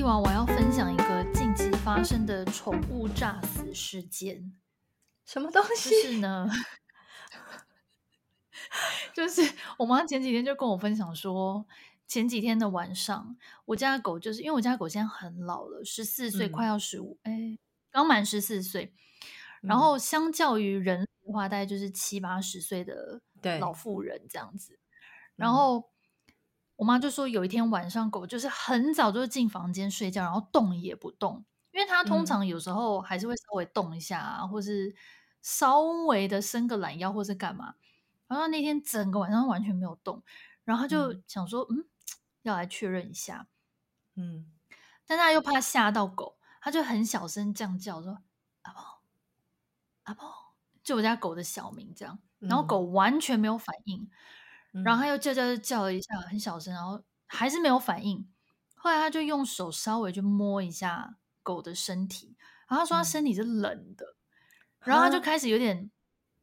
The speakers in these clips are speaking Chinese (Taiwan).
今晚我要分享一個近期發生的寵物詐死事件，什麼東西？就是、呢， 就是我媽前幾天就跟我分享說，前幾天的晚上，我家的狗就是因為我家的狗現在很老了，十四歲快要十五、欸，哎，剛滿十四歲，然後相較於人的話，大概就是七八十歲的老婦人這樣子，嗯、然後。我媽就說，有一天晚上，狗就是很早就進房間睡覺，然後動也不動，因為它通常有時候還是會稍微動一下啊，啊、嗯，或是稍微的伸個懶腰或是幹嘛。然後那天整個晚上完全沒有動，然後它就想說嗯，嗯，要來確認一下，嗯，但他又怕嚇到狗，他就很小聲這樣叫說：“阿寶，阿寶，就我家狗的小名這樣。”然後狗完全沒有反應。嗯然後他又叫叫叫叫了一下，很小聲，然後還是沒有反應。後來他就用手稍微去摸一下狗的身體，然後他說他身體是冷的、嗯。然後他就開始有點，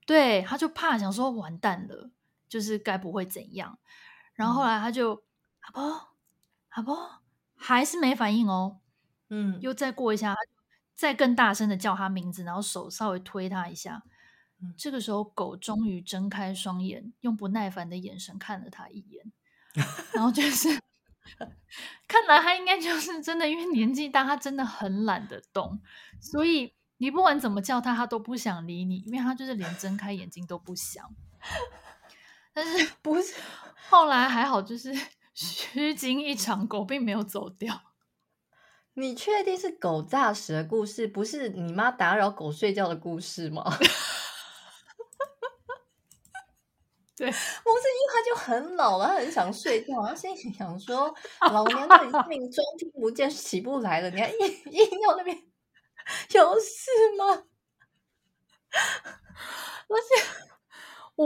對，他就怕，想說完蛋了，就是該不會怎樣？然後後來他就、嗯、阿波阿波還是沒反應哦，嗯，又再過一下，再更大聲的叫他名字，然後手稍微推他一下。嗯、這個時候，狗終於睜開雙眼，用不耐煩的眼神看了他一眼， 然後就是，看來他應該就是真的，因為年紀大，他真的很懶得動，所以你不管怎麼叫他，他都不想理你，因為他就是連睜開眼睛都不想。但是不是後來還好，就是虛驚一場，狗並沒有走掉。你確定是狗詐死的故事，不是你媽打擾狗睡覺的故事嗎？對，我這一為就很老了，他很想睡覺，他心裡想說：“老娘的命裝聽不見，起不來了。 你看”你還硬硬要那邊，有事嗎？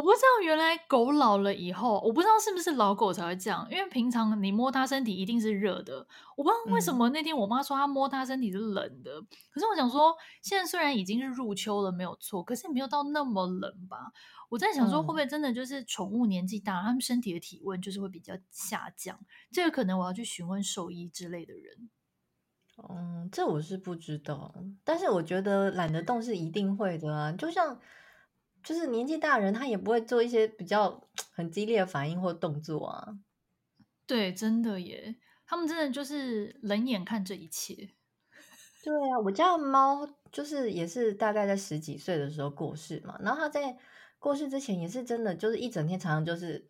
我不知道原來狗老了以後，我不知道是不是老狗才會這樣。因為平常你摸它身體一定是熱的，我不知道為什麼那天我媽說她摸它身體是冷的，嗯。可是我想說，現在雖然已經是入秋了，沒有錯，可是沒有到那麼冷吧？我在想說，會不會真的就是寵物年紀大，嗯，他們身體的體溫就是會比較下降？這個可能我要去詢問獸醫之類的人。嗯，這我是不知道，但是我覺得懶得動是一定會的啊，就像。就是年紀大的人，他也不會做一些比較很激烈的反應或動作啊。對，真的耶，他們真的就是冷眼看這一切。對啊，我家的貓就是也是大概在十幾歲的時候過世嘛。然後它在過世之前也是真的，就是一整天常常就是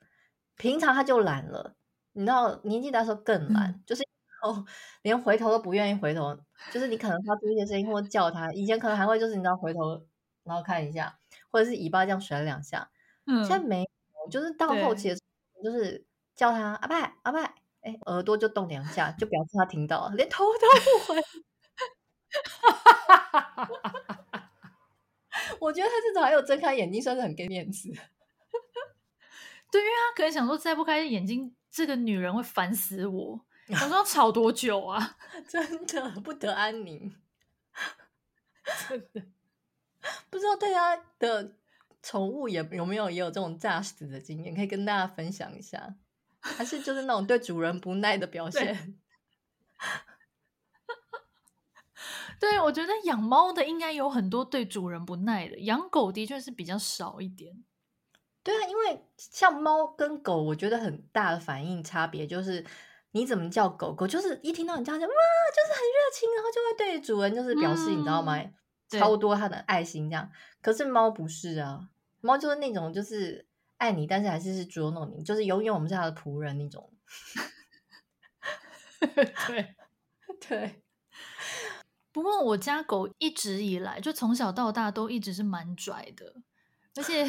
平常它就懶了，你知道年紀大的時候更懶，就是哦連回頭都不願意回頭，就是你可能發出一些聲音或叫它，以前可能還會就是你知道回頭然後看一下，或者是尾巴這樣甩兩下、嗯，現在沒有，就是到後期的時候，就是叫他阿伯阿伯，哎、欸，耳朵就動兩下，就表示他聽到了，連頭都不回。 我覺得他至少還有睜開眼睛，算是很給面子。 對，因為他可能想說，再不開眼睛，這個女人會煩死我、嗯，想說吵多久啊？真的 不得安寧，真的。不知道大家的寵物也有沒有也有這種詐死的經驗，可以跟大家分享一下，還是就是那種對主人不耐的表現？對， 對我覺得養貓的應該有很多對主人不耐的，養狗的確是比較少一點。對啊，因為像貓跟狗，我覺得很大的反應差別就是你怎麼叫狗狗，就是一聽到你這樣叫，哇，就是很熱情，然後就會對主人就是表示，嗯、你知道嗎？超多他的愛心這樣，可是貓不是啊，貓就是那種就是愛你，但是還是是捉弄你，就是永遠我們是它的僕人那種。對對，不過我家狗一直以來就從小到大都一直是蠻拽的，而且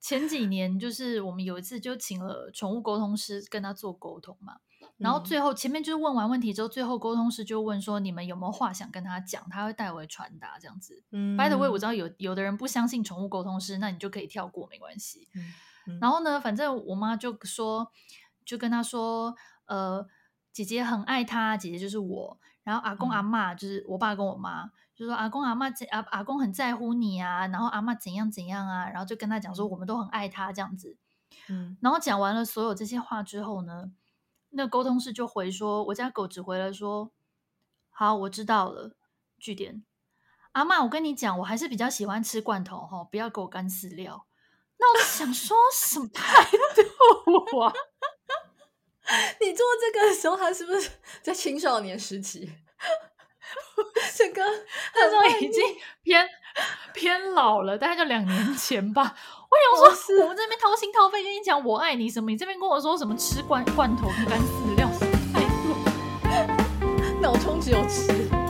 前幾年就是我們有一次就請了寵物溝通師跟他做溝通嘛。然後最後前面就是問完問題之後，最後溝通師就問說：“你們有沒有話想跟他講？他會代為傳達這樣子。嗯” By the way，我知道有有的人不相信寵物溝通師，那你就可以跳過沒關係，嗯嗯。然後呢，反正我媽就說，就跟他說：“呃，姐姐很愛他，姐姐就是我。”然後阿公阿媽、嗯、就是我爸跟我媽，就說：“阿公阿媽姐阿阿公很在乎你啊，然後阿媽怎樣怎樣啊。”然後就跟他講說：“我們都很愛他這樣子。”嗯，然後講完了所有這些話之後呢，那溝通師就回說，我家狗只回了說，好，我知道了，句點。阿嬤，我跟你講，我還是比較喜歡吃罐頭哈、哦，不要給我乾飼料。那我就想說什麼態度啊？ 你做這個的時候，他是不是在青少年時期？憲哥他說已經偏偏,偏老了，大概就兩年前吧。 我想說，我們這邊掏心掏肺跟你講我愛你什麼，你這邊跟我說什麼吃罐罐頭、乾飼料、什麼態度？腦中只有吃。